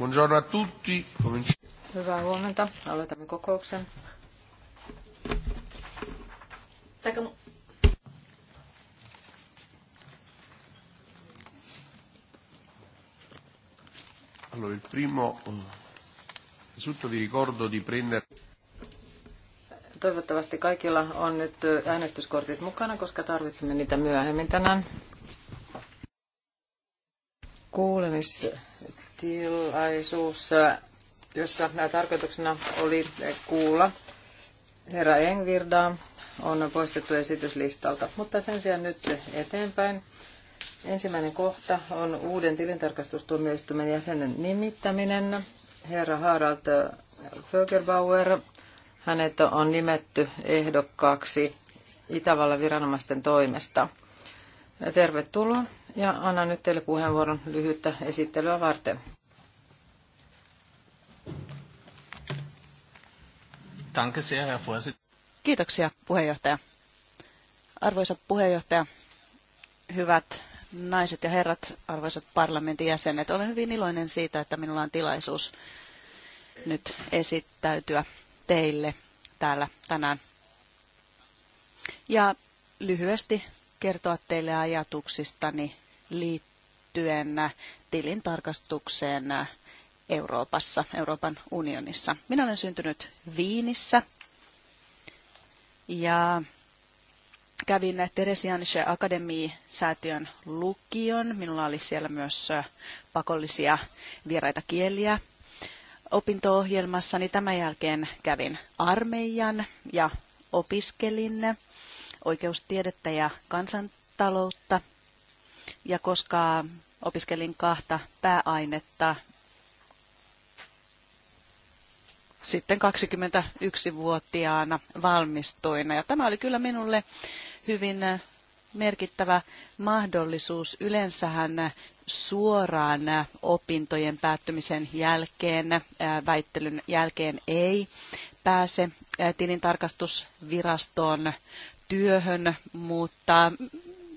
Buongiorno a tutti. Hyvää huomenta. Aloitamme kokouksen. Allora, il primo, innanzitutto vi ricordo di prendere... Toivottavasti kaikilla on nyt äänestyskortit mukana, koska tarvitsemme niitä myöhemmin tänään. Kuulemissa tilaisuus, jossa tarkoituksena oli kuulla herra Engvirdaa, on poistettu esityslistalta. Mutta sen sijaan nyt eteenpäin. Ensimmäinen kohta on uuden tilintarkastustuomioistuimen jäsenen nimittäminen. Herra Harald Fögerbauer, hänet on nimetty ehdokkaaksi Itävallan viranomaisten toimesta – Tervetuloa ja annan nyt teille puheenvuoron lyhyttä esittelyä varten. Kiitoksia puheenjohtaja. Arvoisa puheenjohtaja, hyvät naiset ja herrat, arvoisat parlamentin jäsenet, olen hyvin iloinen siitä, että minulla on tilaisuus nyt esittäytyä teille täällä tänään. Ja lyhyesti kertoa teille ajatuksistani liittyen tilintarkastukseen Euroopassa, Euroopan unionissa. Minä olen syntynyt Viinissä ja kävin Teresianische Akademie-säätiön lukion. Minulla oli siellä myös pakollisia vieraita kieliä opinto-ohjelmassani. Tämän jälkeen kävin armeijan ja opiskelin oikeustiedettä ja kansantaloutta. Ja koska opiskelin kahta pääainetta sitten 21-vuotiaana valmistuina. Ja tämä oli kyllä minulle hyvin merkittävä mahdollisuus. Yleensähän suoraan opintojen päättymisen jälkeen, väittelyn jälkeen ei pääse tilintarkastusvirastoon työhön, mutta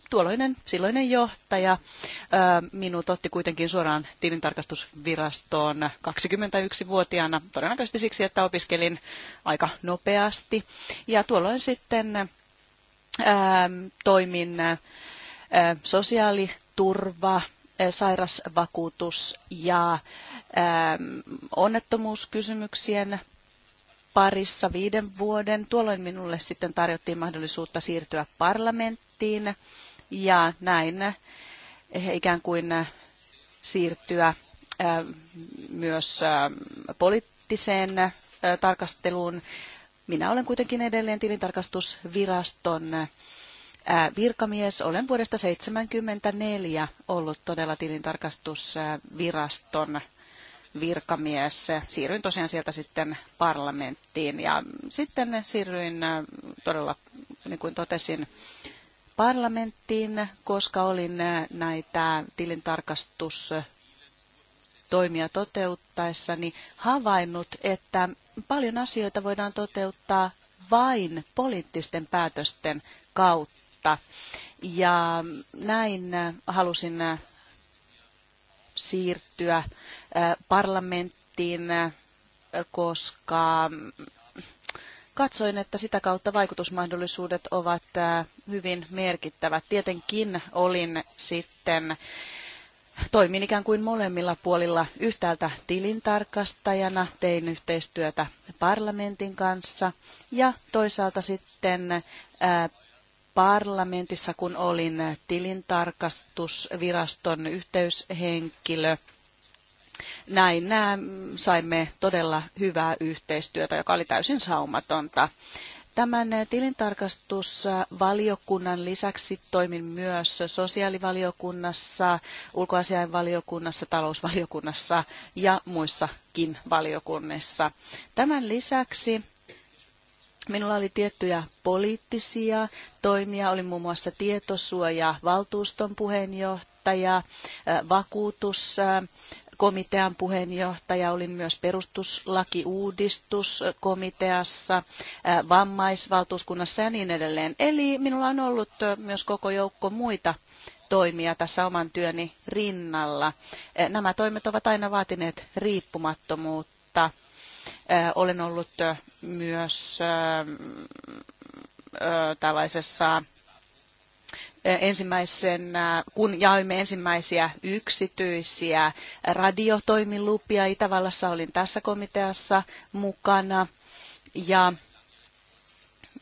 tuolloinen silloinen johtaja minut otti kuitenkin suoraan tilintarkastusvirastoon 21-vuotiaana, todennäköisesti siksi, että opiskelin aika nopeasti. Ja tuolloin sitten toimin sosiaaliturva, sairasvakuutus ja onnettomuuskysymyksien parissa viiden vuoden. Tuolloin minulle sitten tarjottiin mahdollisuutta siirtyä parlamenttiin ja näin eh, ikään kuin eh, siirtyä eh, myös poliittiseen tarkasteluun. Minä olen kuitenkin edelleen tilintarkastusviraston virkamies. Olen vuodesta 1974 ollut todella tilintarkastusviraston virkamies. Siirryin tosiaan sieltä sitten parlamenttiin ja sitten siirryin äh, todella, niin kuin totesin, parlamenttiin, koska olin äh, näitä tilintarkastustoimia toteuttaessani havainnut, että paljon asioita voidaan toteuttaa vain poliittisten päätösten kautta. Ja näin halusin äh, siirtyä äh, parlamenttiin, äh, koska mm, katsoin, että sitä kautta vaikutusmahdollisuudet ovat äh, hyvin merkittävät. Tietenkin olin sitten Toimin ikään kuin molemmilla puolilla yhtäältä tilintarkastajana, tein yhteistyötä parlamentin kanssa ja toisaalta sitten parlamentissa, kun olin tilintarkastusviraston yhteyshenkilö. Näin nämä saimme todella hyvää yhteistyötä, joka oli täysin saumatonta. Tämän tilintarkastusvaliokunnan lisäksi toimin myös sosiaalivaliokunnassa, ulkoasiainvaliokunnassa, talousvaliokunnassa ja muissakin valiokunnissa. Tämän lisäksi Minulla oli tiettyjä poliittisia toimia, oli muun muassa tietosuoja valtuuston puheenjohtaja, vakuutuskomitean puheenjohtaja, olin myös perustuslakiuudistuskomiteassa, vammaisvaltuuskunnassa ja niin edelleen. Eli minulla on ollut myös koko joukko muita toimia tässä oman työni rinnalla. Nämä toimet ovat aina vaatineet riippumattomuutta olen ollut myös tällaisessa ensimmäisen, kun jaoimme ensimmäisiä yksityisiä radiotoimilupia. Itävallassa olin tässä komiteassa mukana ja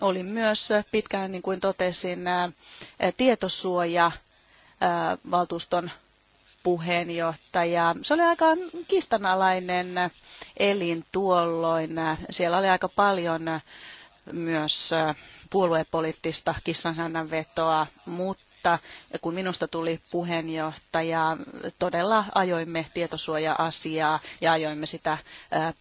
olin myös pitkään, niin kuin totesin, tietosuoja valtuuston puheenjohtaja. Se oli aika kistanalainen elin tuolloin. Siellä oli aika paljon myös äh, puoluepoliittista kissanhännän vetoa, mutta kun minusta tuli puheenjohtaja, todella ajoimme tietosuoja-asiaa ja ajoimme sitä äh,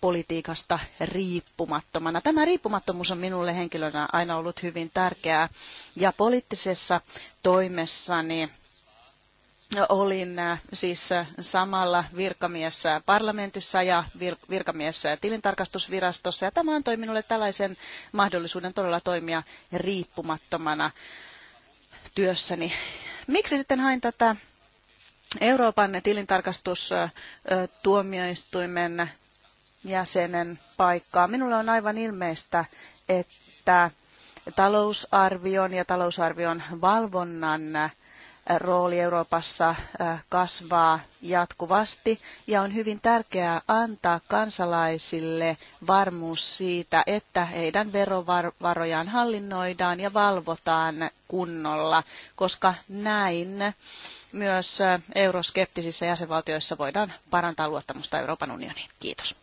politiikasta riippumattomana. Tämä riippumattomuus on minulle henkilönä aina ollut hyvin tärkeää ja poliittisessa toimessani olin äh, siis äh, samalla virkamies parlamentissa ja virkamies tilintarkastusvirastossa. Ja tämä antoi minulle tällaisen mahdollisuuden todella toimia riippumattomana työssäni. Miksi sitten hain tätä Euroopan tilintarkastustuomioistuimen äh, jäsenen paikkaa? Minulle on aivan ilmeistä, että talousarvion ja talousarvion valvonnan rooli Euroopassa kasvaa jatkuvasti ja on hyvin tärkeää antaa kansalaisille varmuus siitä, että heidän verovarojaan hallinnoidaan ja valvotaan kunnolla, koska näin myös euroskeptisissä jäsenvaltioissa voidaan parantaa luottamusta Euroopan unioniin. Kiitos.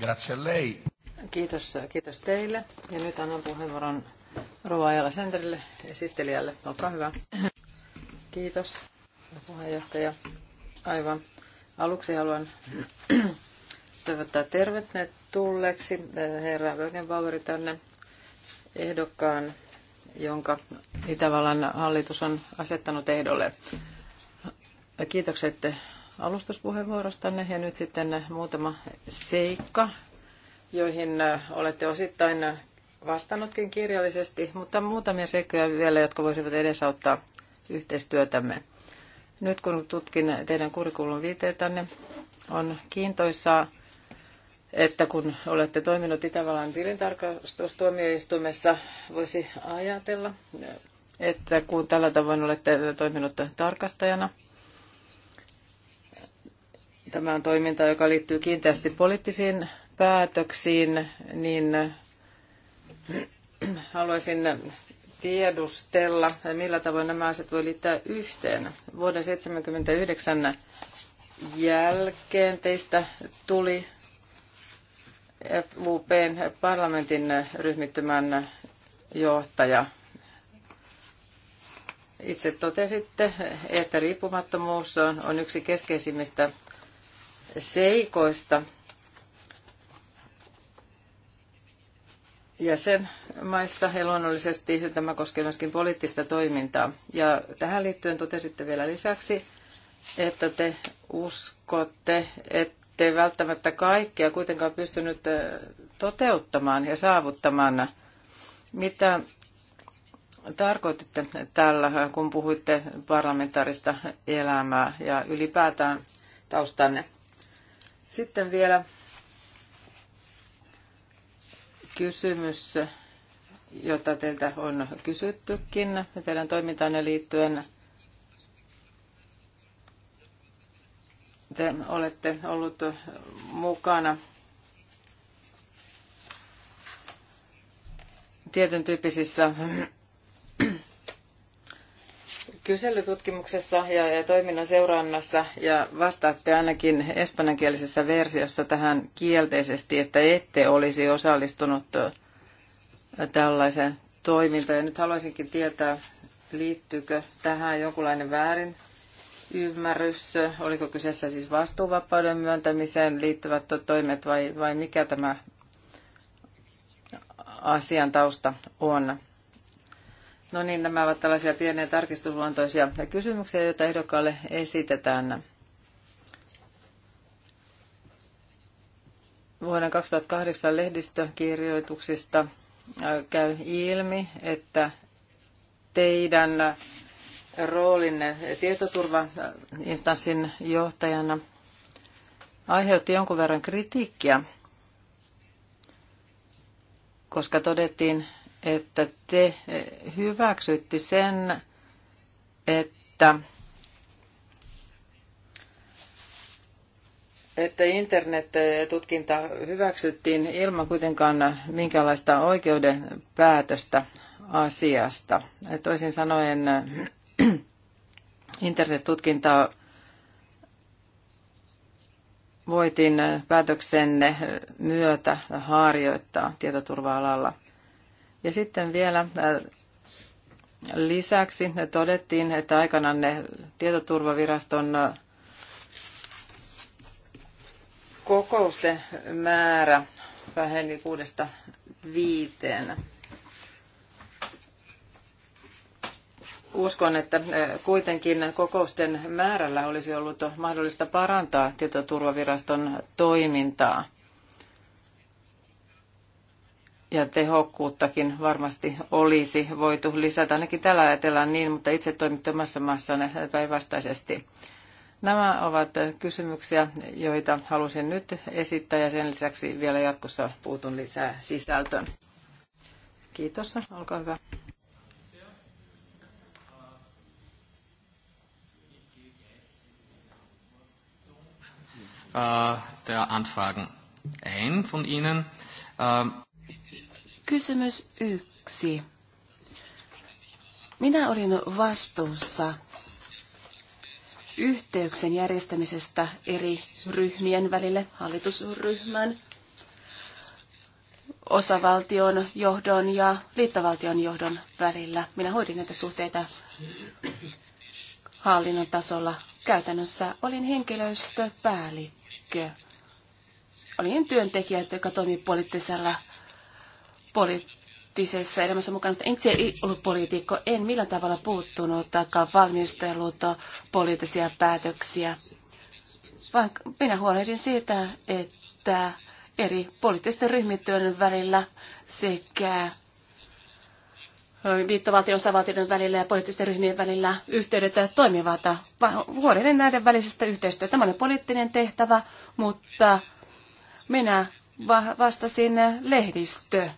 Grazie lei. Kiitos, kiitos teille. Ja nyt annan puheenvuoron Rova Ajala Senterille esittelijälle. Olkaa hyvä. Kiitos puheenjohtaja. Aivan aluksi haluan toivottaa tulleeksi eh, herra Wögenbauer tänne ehdokkaan, jonka Itävallan hallitus on asettanut ehdolle. Kiitokset alustuspuheenvuorostanne ja nyt sitten muutama seikka, joihin eh, olette osittain vastannutkin kirjallisesti, mutta muutamia seikkoja vielä, jotka voisivat edesauttaa yhteistyötämme. Nyt kun tutkin teidän kurikulun viiteetänne, on kiintoisaa, että kun olette toiminut Itävallan tilintarkastustuomioistuimessa, voisi ajatella, että kun tällä tavoin olette toiminut tarkastajana, tämä on toiminta, joka liittyy kiinteästi poliittisiin päätöksiin, niin Haluaisin tiedustella, millä tavoin nämä asiat voi liittää yhteen. Vuoden 1979 jälkeen teistä tuli FUPn parlamentin ryhmittymän johtaja. Itse totesitte, että riippumattomuus on, on yksi keskeisimmistä seikoista, jäsenmaissa ja luonnollisesti tämä koskee myöskin poliittista toimintaa. Ja tähän liittyen totesitte vielä lisäksi, että te uskotte, että välttämättä kaikkea kuitenkaan pystynyt toteuttamaan ja saavuttamaan. Mitä tarkoititte tällä, kun puhuitte parlamentaarista elämää ja ylipäätään taustanne? Sitten vielä kysymys, jota teiltä on kysyttykin teidän toimintanne liittyen. Te olette ollut mukana tietyn tyyppisissä kyselytutkimuksessa ja, ja toiminnan seurannassa ja vastaatte ainakin espanjankielisessä versiossa tähän kielteisesti, että ette olisi osallistunut tällaiseen toimintaan. Ja nyt haluaisinkin tietää, liittyykö tähän jonkunlainen väärin ymmärrys, oliko kyseessä siis vastuuvapauden myöntämiseen liittyvät toimet vai, vai mikä tämä asian tausta on. No niin, nämä ovat tällaisia pieniä tarkistusluontoisia kysymyksiä, joita ehdokkaalle esitetään. Vuonna 2008 lehdistökirjoituksista äh, käy ilmi, että teidän roolinne tietoturvainstanssin johtajana aiheutti jonkun verran kritiikkiä, koska todettiin, että te eh, hyväksytti sen, että, että internet-tutkinta hyväksyttiin ilman kuitenkaan minkäänlaista oikeuden päätöstä asiasta. Toisin sanoen internet tutkinta voitiin päätöksenne myötä harjoittaa tietoturva-alalla – ja sitten vielä äh, lisäksi todettiin, että aikanaan ne tietoturvaviraston äh, kokousten määrä väheni kuudesta viiteen. Uskon, että äh, kuitenkin kokousten määrällä olisi ollut mahdollista parantaa tietoturvaviraston toimintaa ja tehokkuuttakin varmasti olisi voitu lisätä. Ainakin tällä ajatellaan niin, mutta itse toimitte omassa maassanne päinvastaisesti. Nämä ovat kysymyksiä, joita halusin nyt esittää ja sen lisäksi vielä jatkossa puutun lisää sisältöön. Kiitos, olkaa hyvä. Äh, der Anfragen ein von Ihnen. Ähm, Kysymys yksi. Minä olin vastuussa yhteyksen järjestämisestä eri ryhmien välille, hallitusryhmän, osavaltion johdon ja liittovaltion johdon välillä. Minä hoidin näitä suhteita hallinnon tasolla. Käytännössä olin henkilöstöpäällikkö. Olin työntekijä, joka toimii poliittisella poliittisessa elämässä mukana, mutta itse ei ollut poliitikko, en millään tavalla puuttunut tai valmistellut poliittisia päätöksiä, vaan minä huolehdin siitä, että eri poliittisten ryhmityön välillä sekä liittovaltion osavaltioiden välillä ja poliittisten ryhmien välillä yhteydet toimivat. Huolehdin näiden välisestä yhteistyötä. Tämä oli poliittinen tehtävä, mutta minä vastasin lehdistö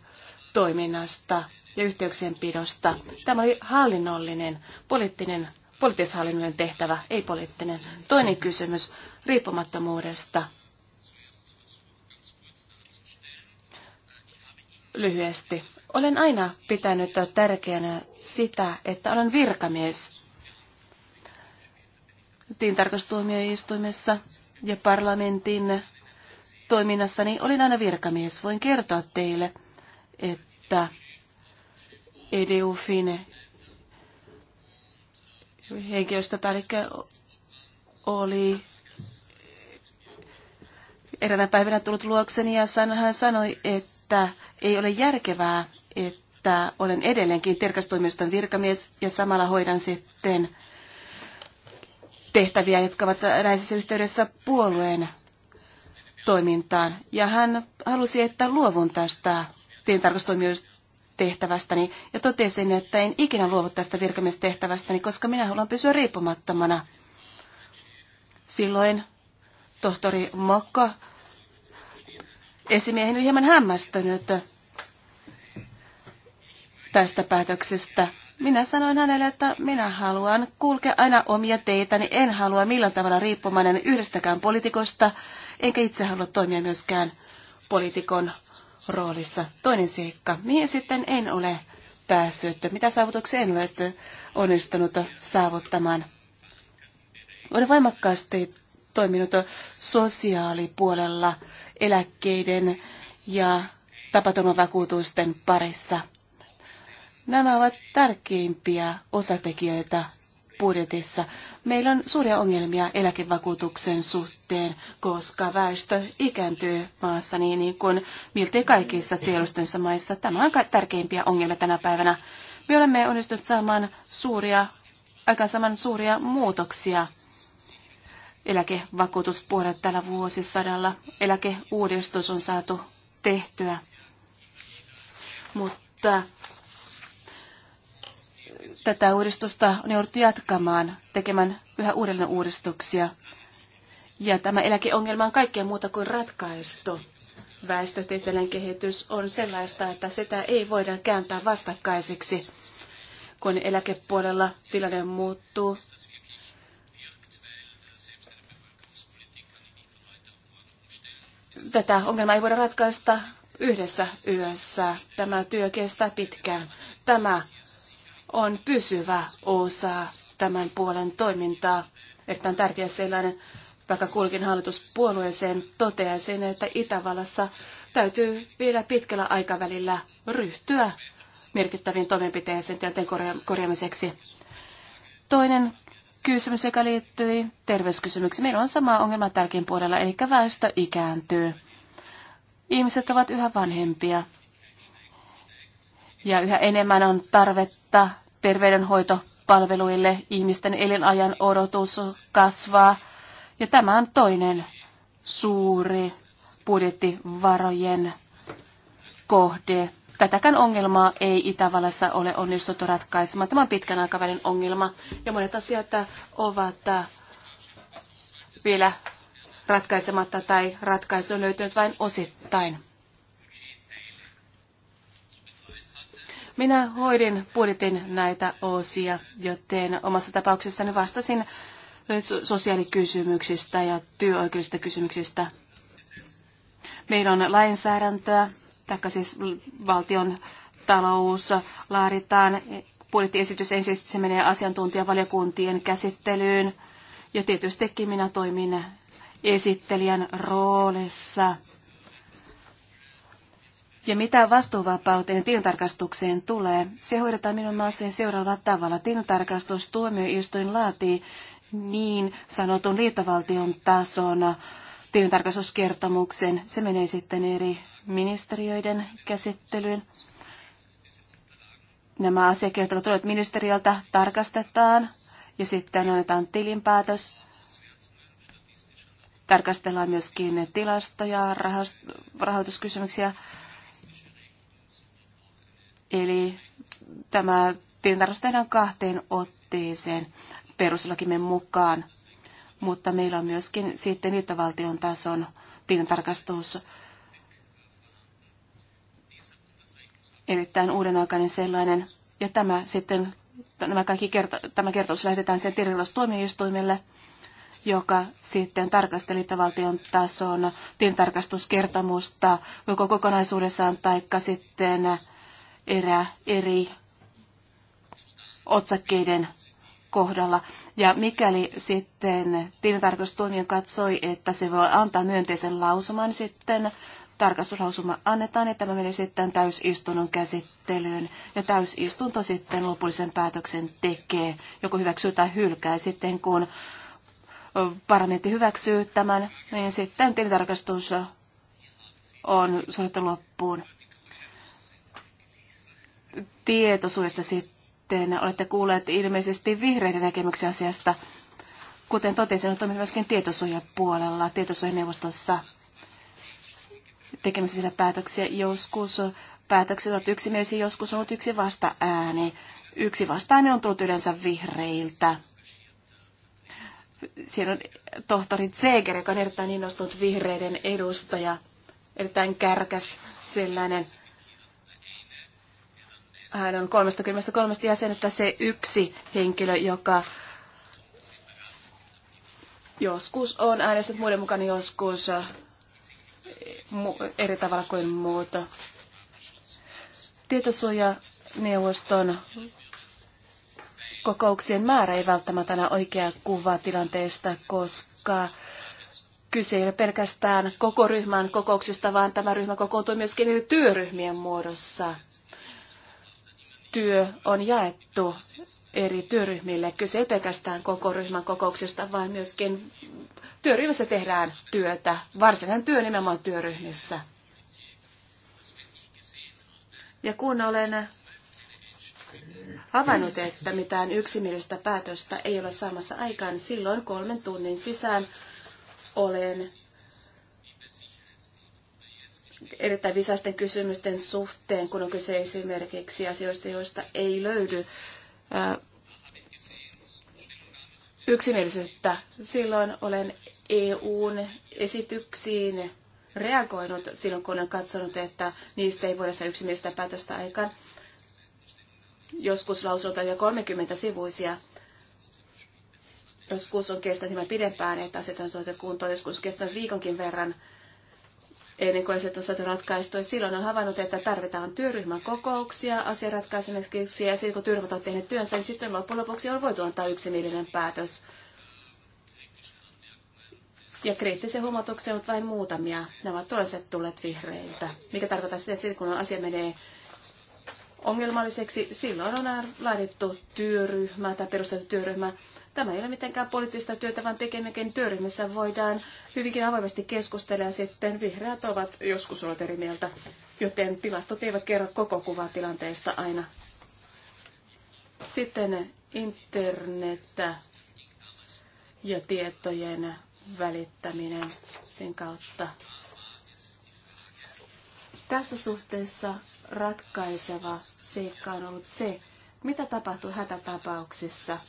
toiminnasta ja yhteyksien pidosta. Tämä oli hallinnollinen, poliittinen, poliittishallinnollinen tehtävä, ei poliittinen. Toinen kysymys riippumattomuudesta. Lyhyesti. Olen aina pitänyt tärkeänä sitä, että olen virkamies tiintarkastuomioistuimessa ja parlamentin toiminnassani olin aina virkamies. Voin kertoa teille, että EDUFin henkilöstöpäällikkö oli eräänä päivänä tullut luokseni ja hän sanoi, että ei ole järkevää, että olen edelleenkin terkastoimiston virkamies ja samalla hoidan sitten tehtäviä, jotka ovat näisessä yhteydessä puolueen toimintaan. Ja hän halusi, että luovun tästä tilintarkastustoimijoista tehtävästäni ja totesin, että en ikinä luovu tästä virkamiestehtävästäni, koska minä haluan pysyä riippumattomana. Silloin tohtori Mokko esimiehen oli hieman hämmästynyt tästä päätöksestä. Minä sanoin hänelle, että minä haluan kulkea aina omia teitäni, en halua millään tavalla riippumainen yhdestäkään poliitikosta, enkä itse halua toimia myöskään poliitikon roolissa. Toinen seikka, mihin sitten en ole päässyt, mitä saavutuksia en ole onnistunut saavuttamaan. Olen voimakkaasti toiminut sosiaalipuolella eläkkeiden ja tapaturmavakuutusten parissa. Nämä ovat tärkeimpiä osatekijöitä budjetissa. Meillä on suuria ongelmia eläkevakuutuksen suhteen, koska väestö ikääntyy maassa niin, niin kuin miltei kaikissa tiedostensa maissa. Tämä on tärkeimpiä ongelmia tänä päivänä. Me olemme onnistuneet saamaan suuria, aikaan saman suuria muutoksia eläkevakuutuspuolella tällä vuosisadalla. Eläkeuudistus on saatu tehtyä. Mutta tätä uudistusta on jouduttu jatkamaan, tekemään yhä uudelleen uudistuksia. Ja tämä eläkeongelma on kaikkea muuta kuin ratkaistu. Väestötieteellinen kehitys on sellaista, että sitä ei voida kääntää vastakkaiseksi. Kun eläkepuolella tilanne muuttuu, tätä ongelmaa ei voida ratkaista yhdessä yössä. Tämä työ kestää pitkään. Tämä on pysyvä osa tämän puolen toimintaa. Erittäin tärkeä sellainen, vaikka kulkin hallituspuolueeseen toteaa sen, että Itävallassa täytyy vielä pitkällä aikavälillä ryhtyä merkittäviin toimenpiteisiin tilanteen korjaamiseksi. Toinen kysymys, joka liittyy terveyskysymyksiin. Meillä on sama ongelma tärkein puolella, eli väestö ikääntyy. Ihmiset ovat yhä vanhempia ja yhä enemmän on tarvetta terveydenhoitopalveluille, ihmisten elinajan odotus kasvaa. Ja tämä on toinen suuri budjettivarojen kohde. Tätäkään ongelmaa ei Itävallassa ole onnistuttu ratkaisemaan. Tämä on pitkän aikavälin ongelma ja monet asiat ovat vielä ratkaisematta tai ratkaisu on löytynyt vain osittain. Minä hoidin budjetin näitä osia, joten omassa tapauksessani vastasin eh, sosiaalikysymyksistä ja työoikeudellisista kysymyksistä. Meillä on lainsäädäntöä, taikka siis valtion talous laaditaan. Budjettiesitys ensin se menee asiantuntijavaliokuntien käsittelyyn. Ja tietystikin minä toimin esittelijän roolissa ja mitä vastuuvapauteen ja tilintarkastukseen tulee, se hoidetaan minun maassani seuraavalla tavalla. tuomioistuin laatii niin sanotun liittovaltion tasona tilintarkastuskertomuksen. Se menee sitten eri ministeriöiden käsittelyyn. Nämä asiakirjat, jotka tulevat ministeriöltä, tarkastetaan ja sitten annetaan tilinpäätös. Tarkastellaan myöskin tilastoja, rahoituskysymyksiä Eli tämä tilintarkastus tehdään kahteen otteeseen peruslakimme mukaan, mutta meillä on myöskin sitten liittovaltion tason tilintarkastus erittäin uudenaikainen sellainen. Ja tämä sitten, nämä kaikki kerto, tämä kertomus lähetetään sen tilintarkastustuomioistuimelle, joka sitten tarkasteli valtion tason tilintarkastuskertomusta joko kokonaisuudessaan tai sitten erä eri otsakkeiden kohdalla. Ja mikäli sitten tilintarkastustoimio katsoi, että se voi antaa myönteisen lausuman, sitten tarkastuslausuma annetaan ja tämä menee sitten täysistunnon käsittelyyn. Ja täysistunto sitten lopullisen päätöksen tekee, joko hyväksyy tai hylkää. Sitten kun parlamentti hyväksyy tämän, niin sitten tilintarkastus on suoritettu loppuun tietoisuudesta sitten olette kuulleet ilmeisesti vihreiden näkemyksiä asiasta. Kuten totesin, on toiminut myöskin tietosuojapuolella, tietosuojaneuvostossa tekemisillä päätöksiä. Joskus päätökset ovat yksimielisiä, joskus on ollut yksi vasta ääni. Yksi vasta ääni on tullut yleensä vihreiltä. Siellä on tohtori Zeger, joka on erittäin innostunut vihreiden edustaja, erittäin kärkäs sellainen – hän on 33 jäsenestä se yksi henkilö, joka joskus on äänestänyt muiden mukana, joskus äh, eri tavalla kuin muuta. Tietosuojaneuvoston kokouksien määrä ei välttämättä aina oikea kuva tilanteesta, koska kyse ei ole pelkästään koko ryhmän kokouksista, vaan tämä ryhmä kokoontuu myöskin työryhmien muodossa työ on jaettu eri työryhmille. Kyse ei pelkästään koko ryhmän kokouksesta, vaan myöskin työryhmässä tehdään työtä. Varsinainen työ nimenomaan työryhmissä. Ja kun olen havainnut, että mitään yksimielistä päätöstä ei ole saamassa aikaan, silloin kolmen tunnin sisään olen erittäin visaisten kysymysten suhteen, kun on kyse esimerkiksi asioista, joista ei löydy yksimielisyyttä. Silloin olen EUn esityksiin reagoinut silloin, kun olen katsonut, että niistä ei voida saada yksimielistä päätöstä aikaan. Joskus lausunnot on jo 30 sivuisia. Joskus on kestänyt hieman pidempään, että asiat on suojeltu kuntoon. Joskus on kestänyt viikonkin verran ennen kuin asiat on saatu ratkaistua. Silloin on havainnut, että tarvitaan työryhmän kokouksia asian ratkaisemiseksi ja sitten kun työryhmät ovat tehneet työnsä, niin sitten loppujen lopuksi on voitu antaa yksimielinen päätös. Ja kriittisiä huomautuksia on vain muutamia. Nämä ovat tuliset tulleet vihreiltä, mikä tarkoittaa sitä, että kun asia menee ongelmalliseksi, silloin on laadittu työryhmä tai perustettu työryhmä, Tämä ei ole mitenkään poliittista työtä, vaan tekemäkin työryhmässä voidaan hyvinkin avoimesti keskustella ja sitten vihreät ovat joskus olleet eri mieltä, joten tilastot eivät kerro koko kuvaa tilanteesta aina. Sitten internettä ja tietojen välittäminen sen kautta. Tässä suhteessa ratkaiseva seikka on ollut se, mitä tapahtuu hätätapauksissa –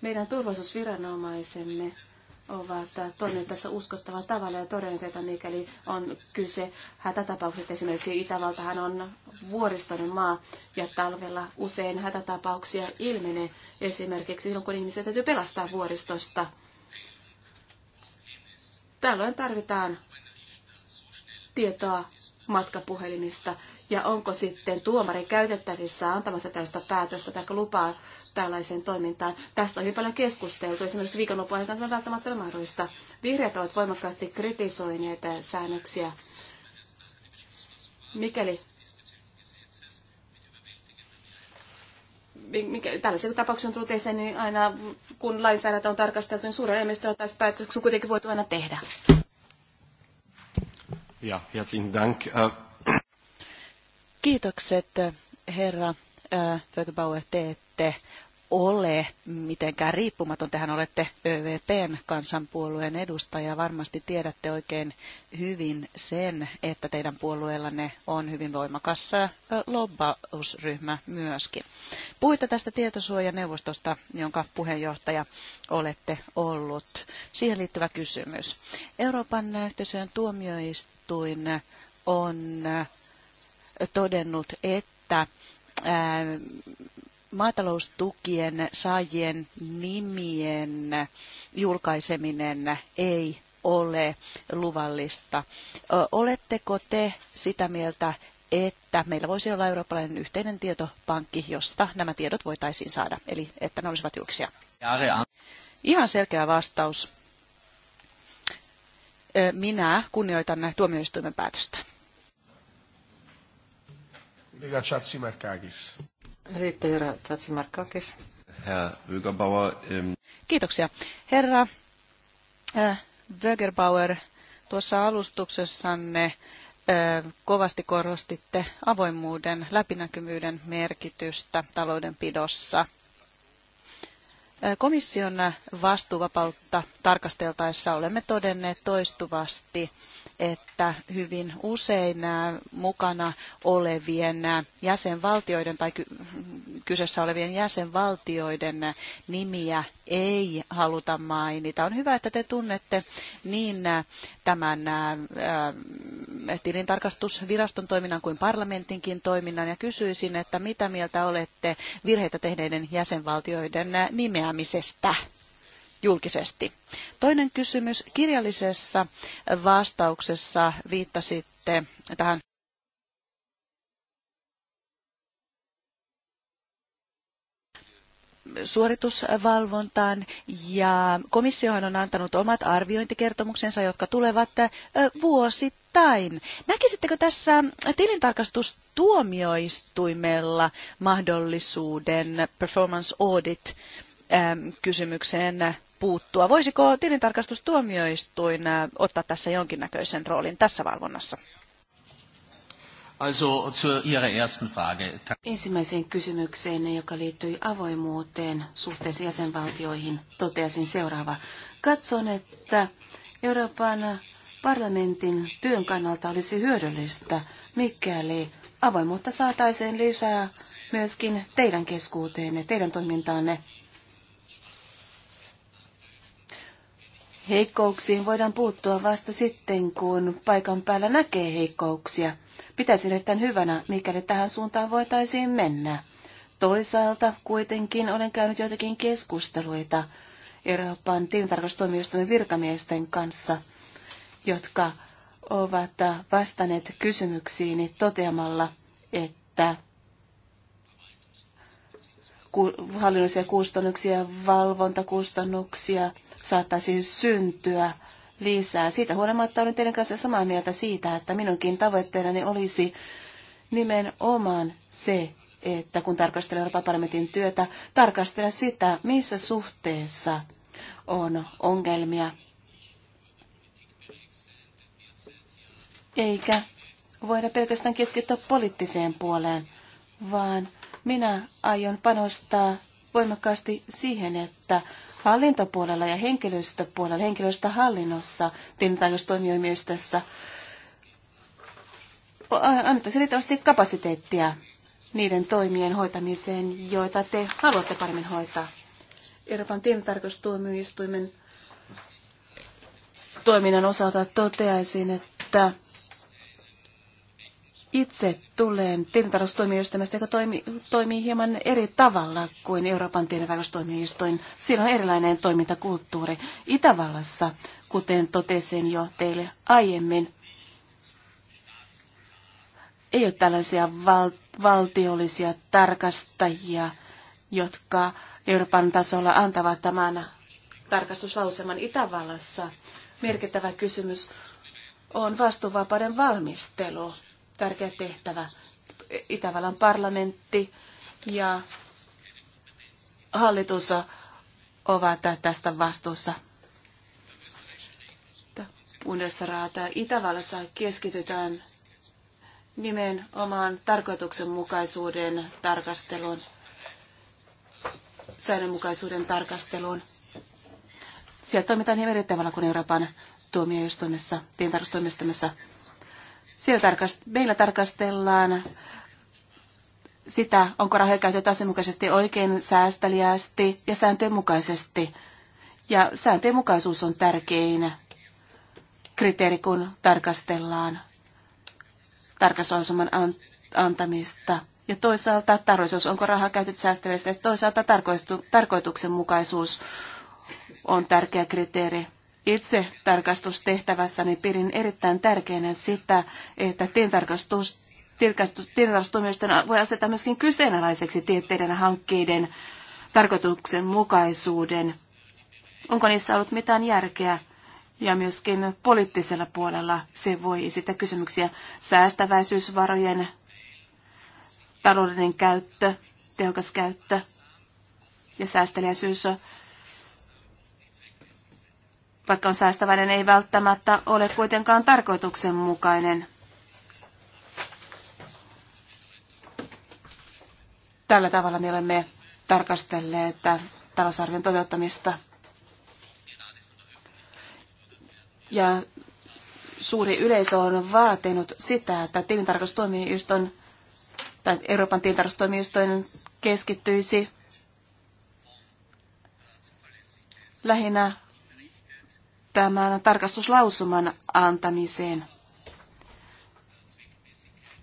meidän turvallisuusviranomaisemme ovat toimineet tässä uskottavalla tavalla ja todennut, mikäli on kyse hätätapauksista. Esimerkiksi Itävaltahan on vuoristoinen maa ja talvella usein hätätapauksia ilmenee esimerkiksi silloin, kun ihmisiä täytyy pelastaa vuoristosta. Tällöin tarvitaan tietoa matkapuhelimista ja onko sitten tuomari käytettävissä antamassa tällaista päätöstä tai lupaa tällaiseen toimintaan. Tästä on hyvin paljon keskusteltu. Esimerkiksi viikonlopuun, aikana tämä välttämättä mahdollista. Vihreät ovat voimakkaasti kritisoineet säännöksiä. Mikäli mikä, tällaisia tapauksia on tullut esiin, niin aina kun lainsäädäntö on tarkasteltu, niin suurella enemmistöllä tässä päätöksessä on kuitenkin voitu aina tehdä. Ja, herzlichen Dank. Äh, Kiitokset, herra äh, Fögebauer, te ette ole mitenkään riippumaton. Tähän olette ÖVPn kansanpuolueen edustaja. Varmasti tiedätte oikein hyvin sen, että teidän puolueellanne on hyvin voimakas äh, lobbausryhmä myöskin. Puhuitte tästä tietosuojaneuvostosta, jonka puheenjohtaja olette ollut. Siihen liittyvä kysymys. Euroopan yhteisöjen tuomioistuin on todennut, että maataloustukien saajien nimien julkaiseminen ei ole luvallista. Oletteko te sitä mieltä, että meillä voisi olla eurooppalainen yhteinen tietopankki, josta nämä tiedot voitaisiin saada, eli että ne olisivat julkisia? Ihan selkeä vastaus. Minä kunnioitan tuomioistuimen päätöstä. Kollega Chatsimarkakis. Sitten herra Herr Bögerbauer. Ähm... Kiitoksia. Herra äh, Bögerbauer, tuossa alustuksessanne äh, kovasti korostitte avoimuuden, läpinäkyvyyden merkitystä taloudenpidossa. Äh, komission vastuuvapautta tarkasteltaessa olemme todenneet toistuvasti, että hyvin usein mukana olevien jäsenvaltioiden tai kyseessä olevien jäsenvaltioiden nimiä ei haluta mainita. On hyvä, että te tunnette niin tämän tilintarkastusviraston toiminnan kuin parlamentinkin toiminnan ja kysyisin, että mitä mieltä olette virheitä tehneiden jäsenvaltioiden nimeämisestä? julkisesti. Toinen kysymys. Kirjallisessa vastauksessa viittasitte tähän suoritusvalvontaan ja komissiohan on antanut omat arviointikertomuksensa, jotka tulevat vuosittain. Näkisittekö tässä tilintarkastustuomioistuimella mahdollisuuden performance audit kysymykseen puuttua. Voisiko tilintarkastustuomioistuin äh, ottaa tässä jonkinnäköisen roolin tässä valvonnassa? Also zu Ihrer ersten Frage. Ensimmäiseen kysymykseen, joka liittyi avoimuuteen suhteessa jäsenvaltioihin, toteasin seuraava. Katson, että Euroopan parlamentin työn kannalta olisi hyödyllistä, mikäli avoimuutta saataisiin lisää myöskin teidän keskuuteenne, teidän toimintaanne Heikkouksiin voidaan puuttua vasta sitten, kun paikan päällä näkee heikkouksia. Pitäisin erittäin hyvänä, mikäli tähän suuntaan voitaisiin mennä. Toisaalta kuitenkin olen käynyt joitakin keskusteluita Euroopan tilintarkastustoimijoistamme virkamiesten kanssa, jotka ovat vastanneet kysymyksiini toteamalla, että hallinnollisia kustannuksia, valvontakustannuksia saattaisi syntyä lisää. Siitä huolimatta olen teidän kanssa samaa mieltä siitä, että minunkin tavoitteenani olisi nimenomaan se, että kun tarkastellaan Euroopan parlamentin työtä, tarkastella sitä, missä suhteessa on ongelmia. Eikä voida pelkästään keskittyä poliittiseen puoleen, vaan minä aion panostaa voimakkaasti siihen, että hallintopuolella ja henkilöstöpuolella, henkilöstöhallinnossa, tässä, annettaisiin riittävästi kapasiteettia niiden toimien hoitamiseen, joita te haluatte paremmin hoitaa. Euroopan tilintarkastustuomioistuimen toiminnan osalta toteaisin, että itse tulen tilintarkastustoimijoistamasta, joka toimi, toimii hieman eri tavalla kuin Euroopan tilintarkastustoimijoistoin. Siinä on erilainen toimintakulttuuri. Itävallassa, kuten totesin jo teille aiemmin, ei ole tällaisia val- valtiollisia tarkastajia, jotka Euroopan tasolla antavat tämän tarkastuslauseman Itävallassa. Merkittävä kysymys on vastuuvapauden valmistelu tärkeä tehtävä. Itävallan parlamentti ja hallitus ovat tästä vastuussa. Bundesraata Itävallassa keskitytään nimenomaan tarkoituksenmukaisuuden tarkasteluun, säännönmukaisuuden tarkasteluun. Sieltä toimitaan hieman eri tavalla kuin Euroopan tuomioistuimessa, tientarkastustoimistoimessa. Siellä tarkast- meillä tarkastellaan sitä, onko rahoja käytetty asianmukaisesti oikein säästäliästi ja sääntöjen mukaisesti. Ja sääntöjen mukaisuus on tärkein kriteeri, kun tarkastellaan tarkastusohjelman antamista. Ja toisaalta tarkoitus, onko raha käytetty säästävästi, ja toisaalta tarkoituksenmukaisuus on tärkeä kriteeri. Itse tarkastustehtävässäni pidin erittäin tärkeänä sitä, että tilintarkastus tilintarkastustuomioistuin voi asettaa myöskin kyseenalaiseksi tieteiden hankkeiden tarkoituksenmukaisuuden. Onko niissä ollut mitään järkeä? Ja myöskin poliittisella puolella se voi esittää kysymyksiä säästäväisyysvarojen taloudellinen käyttö, tehokas käyttö ja säästeliäisyys vaikka on säästäväinen, ei välttämättä ole kuitenkaan tarkoituksenmukainen. Tällä tavalla me olemme tarkastelleet talousarvion toteuttamista. Ja suuri yleisö on vaatinut sitä, että tilintarkastustoimiston tai Euroopan tilintarkastustoimiston keskittyisi lähinnä tämän tarkastuslausuman antamiseen.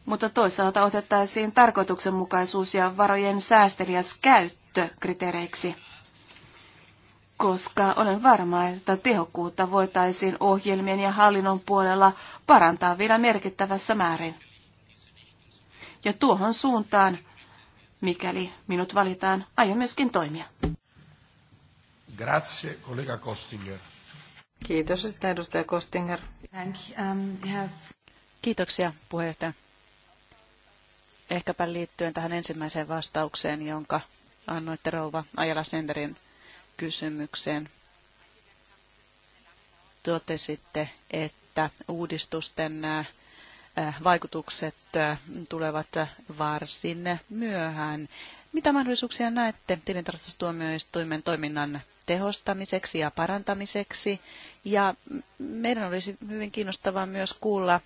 Mutta toisaalta otettaisiin tarkoituksenmukaisuus ja varojen säästeliäs käyttö kriteereiksi, koska olen varma, että tehokkuutta voitaisiin ohjelmien ja hallinnon puolella parantaa vielä merkittävässä määrin. Ja tuohon suuntaan, mikäli minut valitaan, aion myöskin toimia. Grazie, kollega Kostinger. Kiitos. Sitten edustaja Kostinger. Thank you. Um, Kiitoksia puheenjohtaja. Ehkäpä liittyen tähän ensimmäiseen vastaukseen, jonka annoitte rouva Ajala Senderin kysymykseen. Totesitte, että uudistusten äh, äh, vaikutukset äh, tulevat varsin myöhään. Mitä mahdollisuuksia näette tilintarkastustuomioistuimen toiminnan tehostamiseksi ja parantamiseksi. Ja meidän olisi hyvin kiinnostavaa myös kuulla,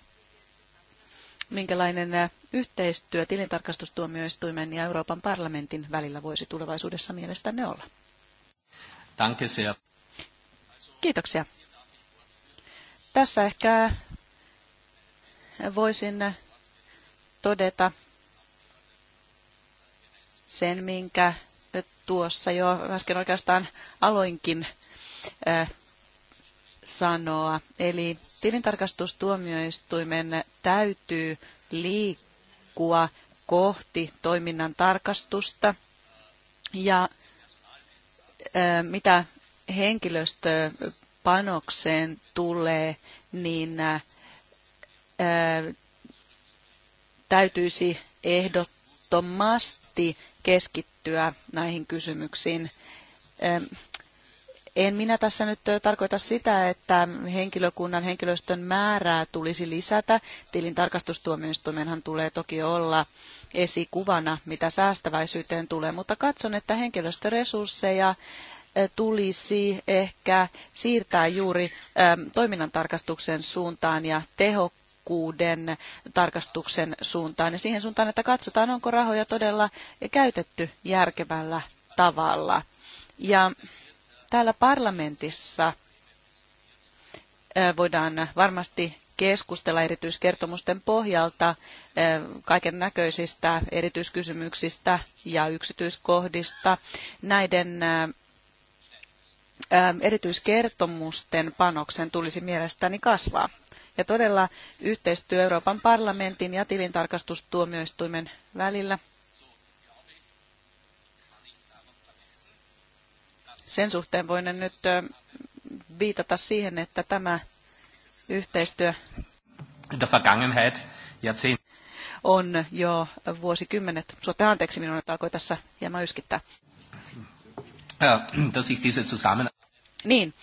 minkälainen yhteistyö tilintarkastustuomioistuimen ja Euroopan parlamentin välillä voisi tulevaisuudessa mielestänne olla. Danke sehr. Kiitoksia. Tässä ehkä voisin todeta sen, minkä tuossa jo äsken oikeastaan aloinkin sanoa. Eli tilintarkastustuomioistuimen täytyy liikkua kohti toiminnan tarkastusta ja mitä henkilöstöpanokseen tulee, niin täytyisi ehdottomasti keskittyä perehtyä näihin kysymyksiin. En minä tässä nyt tarkoita sitä, että henkilökunnan henkilöstön määrää tulisi lisätä. Tilintarkastustuomioistuimenhan tulee toki olla esikuvana, mitä säästäväisyyteen tulee, mutta katson, että henkilöstöresursseja tulisi ehkä siirtää juuri toiminnantarkastuksen suuntaan ja tehokkuuteen tehokkuuden tarkastuksen suuntaan ja siihen suuntaan, että katsotaan, onko rahoja todella käytetty järkevällä tavalla. Ja täällä parlamentissa voidaan varmasti keskustella erityiskertomusten pohjalta kaiken näköisistä erityiskysymyksistä ja yksityiskohdista. Näiden erityiskertomusten panoksen tulisi mielestäni kasvaa. Ja todella yhteistyö Euroopan parlamentin ja tilintarkastustuomioistuimen välillä sen suhteen voin nyt viitata siihen, että tämä yhteistyö on jo vuosikymmenet. Suotte anteeksi minun, että alkoi tässä hieman yskittää. Äh, niin,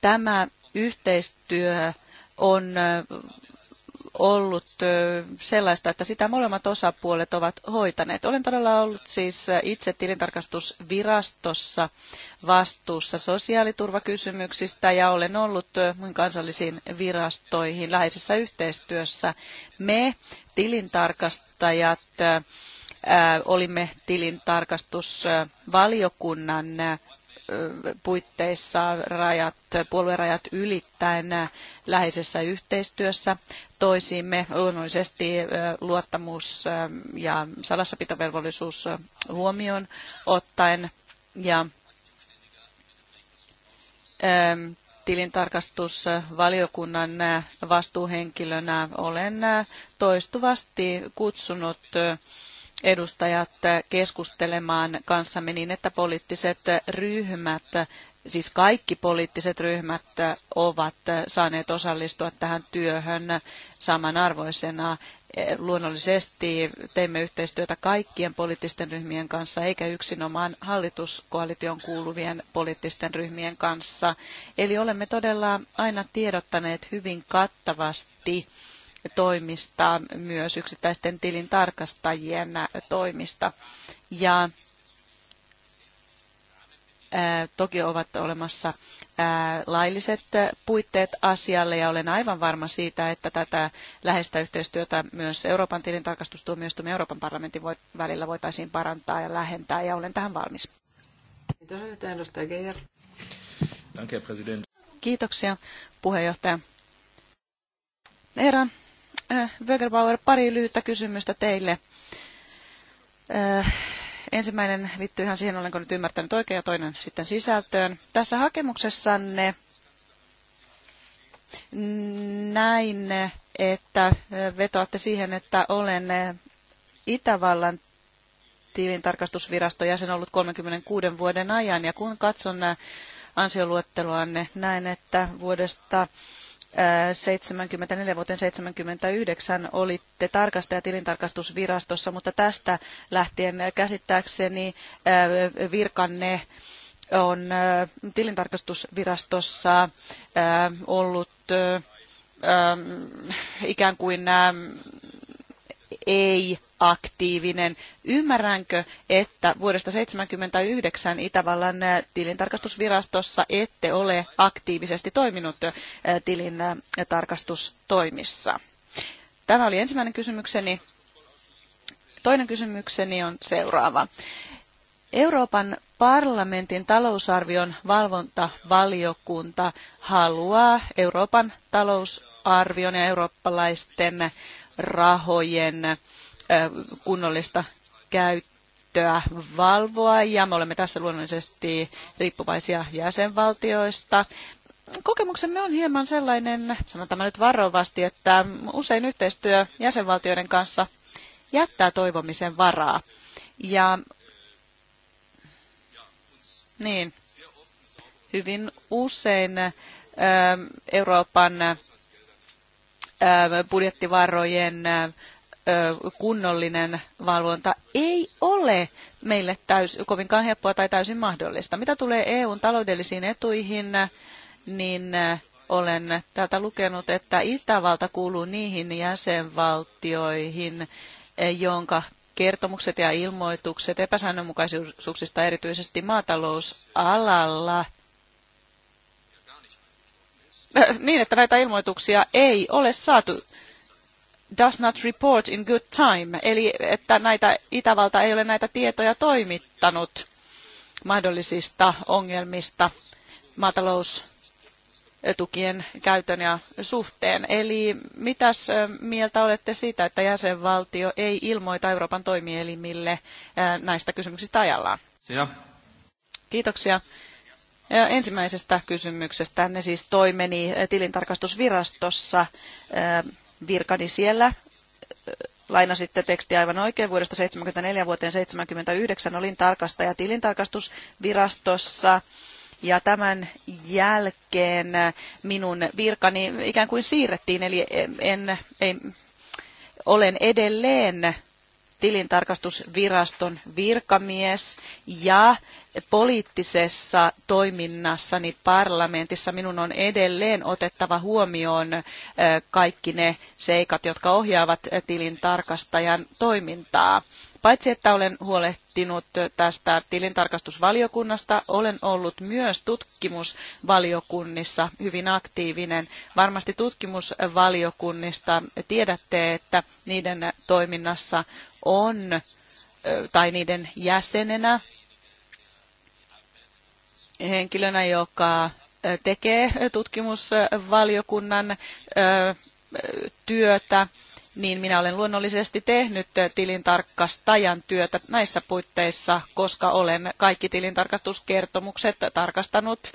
tämä yhteistyö on ollut sellaista, että sitä molemmat osapuolet ovat hoitaneet. Olen todella ollut siis itse tilintarkastusvirastossa vastuussa sosiaaliturvakysymyksistä ja olen ollut muin kansallisiin virastoihin läheisessä yhteistyössä. Me tilintarkastajat olimme tilintarkastusvaliokunnan puitteissa rajat, puoluerajat ylittäen läheisessä yhteistyössä toisiimme. Luonnollisesti luottamus ja salassapitovelvollisuus huomioon ottaen ja tilintarkastusvaliokunnan vastuuhenkilönä olen toistuvasti kutsunut edustajat keskustelemaan kanssamme niin, että poliittiset ryhmät, siis kaikki poliittiset ryhmät ovat saaneet osallistua tähän työhön samanarvoisena. Luonnollisesti teimme yhteistyötä kaikkien poliittisten ryhmien kanssa, eikä yksinomaan hallituskoalition kuuluvien poliittisten ryhmien kanssa. Eli olemme todella aina tiedottaneet hyvin kattavasti toimista, myös yksittäisten tilin tarkastajien toimista. Ja toki ovat olemassa lailliset puitteet asialle ja olen aivan varma siitä, että tätä läheistä yhteistyötä myös Euroopan tilintarkastustuomioistuimen ja Euroopan parlamentin välillä voitaisiin parantaa ja lähentää ja olen tähän valmis. Kiitoksia puheenjohtaja. Herra. Vögerbauer, äh, pari lyhyttä kysymystä teille. Äh, ensimmäinen liittyy ihan siihen, olenko nyt ymmärtänyt oikein, ja toinen sitten sisältöön. Tässä hakemuksessanne näin, että äh, vetoatte siihen, että olen Itävallan tilintarkastusvirasto jäsen ollut 36 vuoden ajan, ja kun katson ansioluetteloanne, näin, että vuodesta 74 vuoteen 79 olitte tarkastaja tilintarkastusvirastossa, mutta tästä lähtien käsittääkseni äh, virkanne on äh, tilintarkastusvirastossa äh, ollut ähm, ikään kuin ähm, ei aktiivinen. Ymmärränkö, että vuodesta 1979 Itävallan tilintarkastusvirastossa ette ole aktiivisesti toiminut tilin tarkastustoimissa? Tämä oli ensimmäinen kysymykseni. Toinen kysymykseni on seuraava. Euroopan parlamentin talousarvion valvontavaliokunta haluaa Euroopan talousarvion ja eurooppalaisten rahojen kunnollista käyttöä valvoa ja me olemme tässä luonnollisesti riippuvaisia jäsenvaltioista. Kokemuksemme on hieman sellainen, sanotaan tämä nyt varovasti, että usein yhteistyö jäsenvaltioiden kanssa jättää toivomisen varaa. Ja niin, hyvin usein Euroopan budjettivarojen kunnollinen valvonta ei ole meille täys, kovinkaan helppoa tai täysin mahdollista. Mitä tulee EUn taloudellisiin etuihin, niin olen täältä lukenut, että Itävalta kuuluu niihin jäsenvaltioihin, jonka kertomukset ja ilmoitukset epäsäännönmukaisuuksista erityisesti maatalousalalla niin, että näitä ilmoituksia ei ole saatu does not report in good time, eli että näitä, Itävalta ei ole näitä tietoja toimittanut mahdollisista ongelmista maataloustukien käytön ja suhteen. Eli mitäs mieltä olette siitä, että jäsenvaltio ei ilmoita Euroopan toimielimille näistä kysymyksistä ajallaan? Kiitoksia ensimmäisestä kysymyksestä. Ne siis toimeni tilintarkastusvirastossa virkani niin siellä lainasitte tekstiä aivan oikein. Vuodesta 1974 vuoteen 1979 olin tarkastaja tilintarkastusvirastossa. Ja tämän jälkeen minun virkani ikään kuin siirrettiin, eli en, ei, olen edelleen tilintarkastusviraston virkamies ja poliittisessa toiminnassani parlamentissa minun on edelleen otettava huomioon kaikki ne seikat, jotka ohjaavat tilintarkastajan toimintaa. Paitsi että olen huolehtinut tästä tilintarkastusvaliokunnasta, olen ollut myös tutkimusvaliokunnissa hyvin aktiivinen. Varmasti tutkimusvaliokunnista tiedätte, että niiden toiminnassa on tai niiden jäsenenä henkilönä, joka tekee tutkimusvaliokunnan työtä, niin minä olen luonnollisesti tehnyt tilintarkastajan työtä näissä puitteissa, koska olen kaikki tilintarkastuskertomukset tarkastanut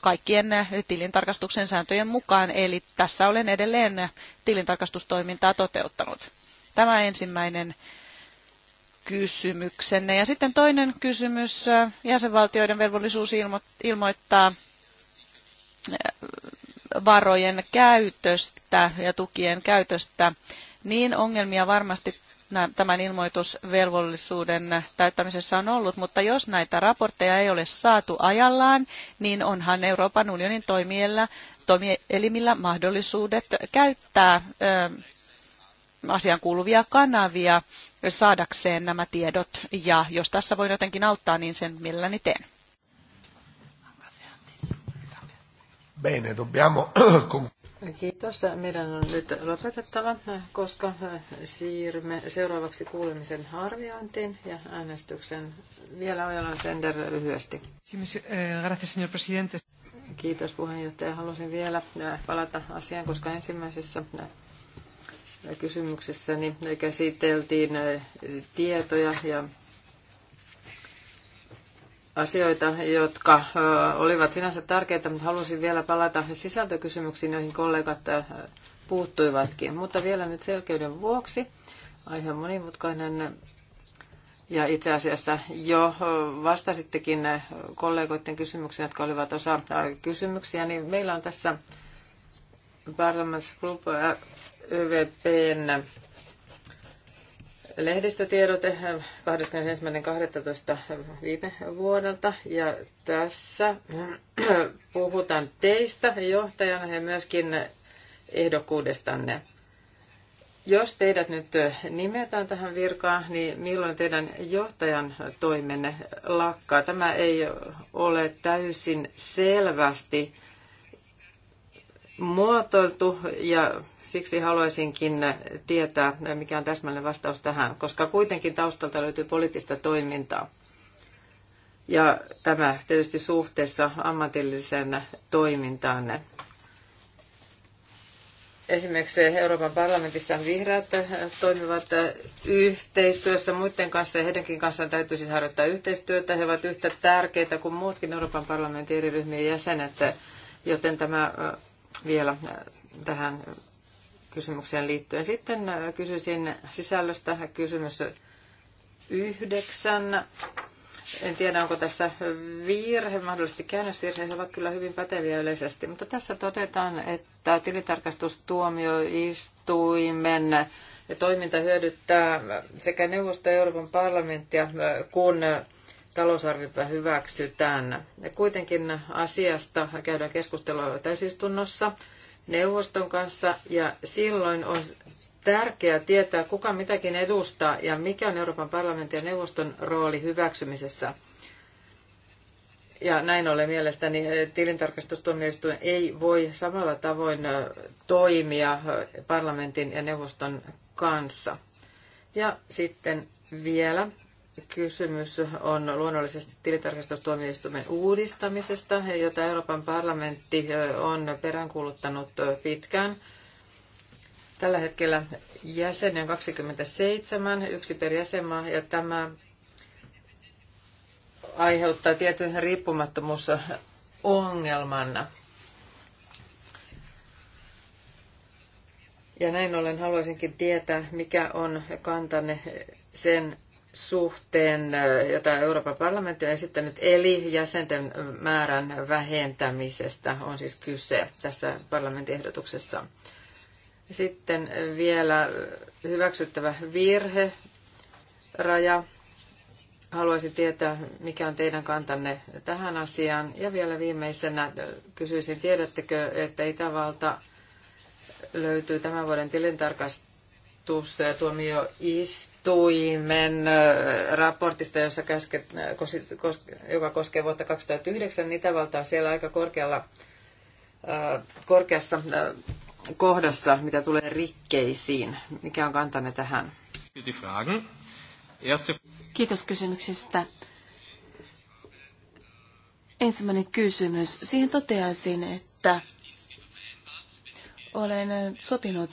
kaikkien tilintarkastuksen sääntöjen mukaan, eli tässä olen edelleen tilintarkastustoimintaa toteuttanut. Tämä ensimmäinen kysymyksenne. Ja sitten toinen kysymys, jäsenvaltioiden velvollisuus ilmoittaa varojen käytöstä ja tukien käytöstä, niin ongelmia varmasti tämän ilmoitusvelvollisuuden täyttämisessä on ollut, mutta jos näitä raportteja ei ole saatu ajallaan, niin onhan Euroopan unionin toimielimillä mahdollisuudet käyttää asian kuuluvia kanavia saadakseen nämä tiedot. Ja jos tässä voi jotenkin auttaa, niin sen mielelläni teen. Bene, dobbiamo... Kiitos. Meidän on nyt lopetettava, koska siirrymme seuraavaksi kuulemisen arviointiin ja äänestyksen. Vielä Ojala Sender lyhyesti. Eh, Kiitos puheenjohtaja. Halusin vielä palata asiaan, koska ensimmäisessä kysymyksessäni käsiteltiin äh, tietoja ja asioita, jotka äh, olivat sinänsä tärkeitä, mutta halusin vielä palata sisältökysymyksiin, joihin kollegat äh, puuttuivatkin. Mutta vielä nyt selkeyden vuoksi, aihe on monimutkainen ja itse asiassa jo vastasittekin kollegoiden kysymyksiin, jotka olivat osa kysymyksiä, niin meillä on tässä Parliaments Group YVPn lehdistötiedote 21.12. viime vuodelta. Ja tässä puhutaan teistä johtajana ja myöskin ehdokkuudestanne. Jos teidät nyt nimetään tähän virkaan, niin milloin teidän johtajan toimenne lakkaa? Tämä ei ole täysin selvästi muotoiltu ja siksi haluaisinkin tietää, mikä on täsmällinen vastaus tähän, koska kuitenkin taustalta löytyy poliittista toimintaa. Ja tämä tietysti suhteessa ammatilliseen toimintaan. Esimerkiksi Euroopan parlamentissa vihreät toimivat yhteistyössä muiden kanssa ja heidänkin kanssaan täytyy siis harjoittaa yhteistyötä. He ovat yhtä tärkeitä kuin muutkin Euroopan parlamentin eri ryhmien jäsenet, joten tämä vielä äh, tähän kysymykseen liittyen. Sitten äh, kysyisin sisällöstä kysymys yhdeksän. En tiedä, onko tässä virhe, mahdollisesti käännösvirheet ovat kyllä hyvin päteviä yleisesti, mutta tässä todetaan, että tilintarkastustuomioistuimen toiminta hyödyttää sekä neuvosto ja Euroopan äh, parlamenttia, kun talousarviota hyväksytään. Ja kuitenkin asiasta käydään keskustelua täysistunnossa neuvoston kanssa ja silloin on tärkeää tietää, kuka mitäkin edustaa ja mikä on Euroopan parlamentin ja neuvoston rooli hyväksymisessä. Ja näin ollen mielestäni eh, tilintarkastustuomioistuin ei voi samalla tavoin eh, toimia eh, parlamentin ja neuvoston kanssa. Ja sitten vielä kysymys on luonnollisesti tilitarkastustuomioistuimen uudistamisesta, jota Euroopan parlamentti on peräänkuuluttanut pitkään. Tällä hetkellä jäseniä on 27, yksi per jäsenmaa, ja tämä aiheuttaa tietyn riippumattomuusongelman. Ja näin ollen haluaisinkin tietää, mikä on kantanne sen suhteen, äh, jota Euroopan parlamentti on esittänyt, eli jäsenten määrän vähentämisestä on siis kyse tässä parlamentin ehdotuksessa. Sitten vielä hyväksyttävä virhe, raja. Haluaisin tietää, mikä on teidän kantanne tähän asiaan. Ja vielä viimeisenä kysyisin, tiedättekö, että Itävalta löytyy tämän vuoden tilintarkastus tuomioistuin tuomioistuimen äh, raportista, jossa käske, joka koskee vuotta 2009, niin Itävalta on siellä aika korkealla, äh, korkeassa äh, kohdassa, mitä tulee rikkeisiin. Mikä on kantanne tähän? Kiitos kysymyksestä. Ensimmäinen kysymys. Siihen toteaisin, että olen sopinut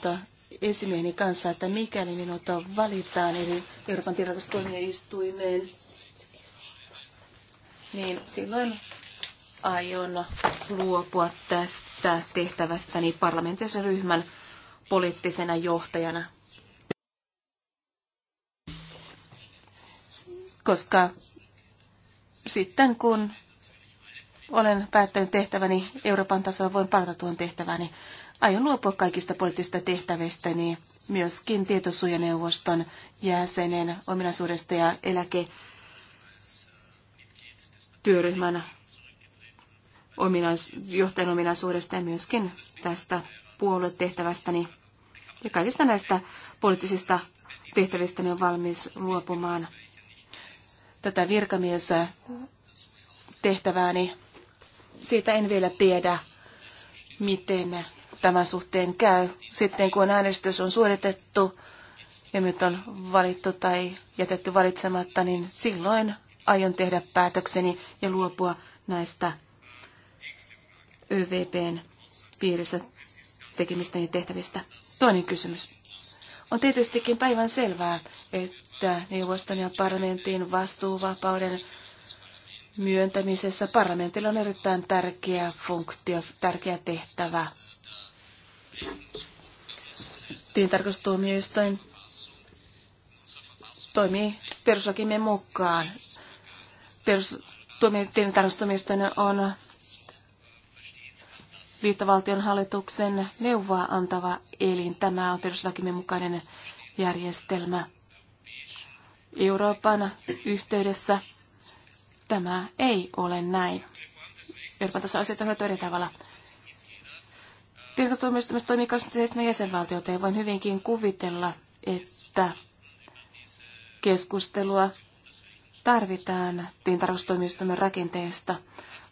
esimieheni kanssa, että mikäli minut valitaan eli Euroopan tietotustuomioistuimeen, niin silloin aion luopua tästä tehtävästäni parlamentaarisen ryhmän poliittisena johtajana. Koska sitten kun olen päättänyt tehtäväni Euroopan tasolla, voin palata tuohon tehtäväni. Aion luopua kaikista poliittisista tehtävistäni, myöskin tietosuojaneuvoston jäsenen ominaisuudesta ja eläketyöryhmän ominais- johtajan ominaisuudesta ja myöskin tästä puoluetehtävästäni. Ja kaikista näistä poliittisista tehtävistäni on valmis luopumaan tätä virkamies tehtävääni. Siitä en vielä tiedä, miten tämän suhteen käy sitten, kun äänestys on suoritettu ja nyt on valittu tai jätetty valitsematta, niin silloin aion tehdä päätökseni ja luopua näistä ÖVPn piirissä tekemistäni tehtävistä. Toinen kysymys. On tietystikin päivän selvää, että neuvoston ja parlamentin vastuuvapauden myöntämisessä parlamentilla on erittäin tärkeä funktio, tärkeä tehtävä tilintarkastustuomioistuin toimii peruslakimme mukaan. tilintarkastustuomioistuin on liittovaltion hallituksen neuvoa antava elin. Tämä on peruslakimme mukainen järjestelmä. Euroopan yhteydessä tämä ei ole näin. Euroopan tasa asiat on eri tavalla. Tilintarkastustuomioistuimessa toimii 27 jäsenvaltiota ja voin hyvinkin kuvitella, että keskustelua tarvitaan tilintarkastustuomioistuimen rakenteesta.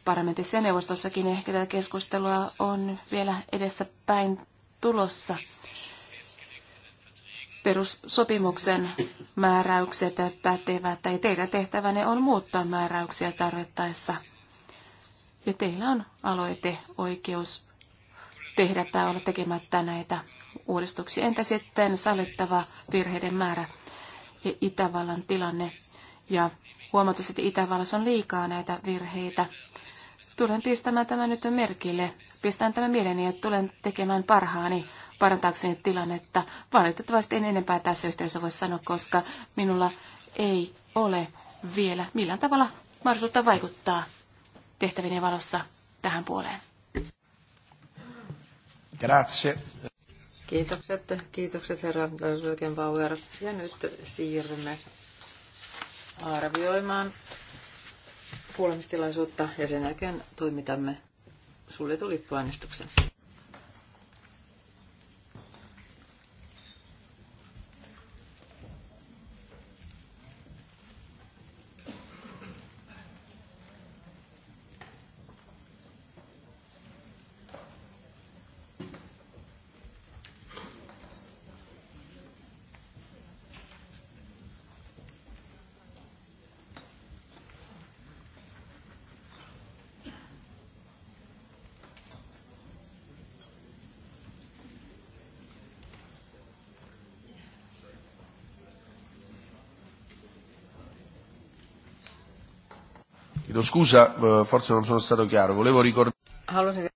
Parlamentissa ja neuvostossakin ehkä tätä keskustelua on vielä edessä päin tulossa. Perussopimuksen määräykset pätevät tai teidän tehtävänne on muuttaa määräyksiä tarvittaessa. Ja teillä on aloiteoikeus tehdä tai olla tekemättä näitä uudistuksia. Entä sitten sallittava virheiden määrä ja Itävallan tilanne? Ja huomautus, että Itävallassa on liikaa näitä virheitä. Tulen pistämään tämän nyt merkille. Pistän tämän mieleni ja tulen tekemään parhaani parantaakseni tilannetta. Valitettavasti en enempää tässä yhteydessä voi sanoa, koska minulla ei ole vielä millään tavalla mahdollisuutta vaikuttaa tehtävien valossa tähän puoleen. Grazie. Kiitokset, kiitokset herra Bauer. Ja nyt siirrymme arvioimaan kuulemistilaisuutta ja sen jälkeen toimitamme suljetun lippuäänestyksen. Chiedo scusa, eh, forse non sono stato chiaro. Volevo ricordare...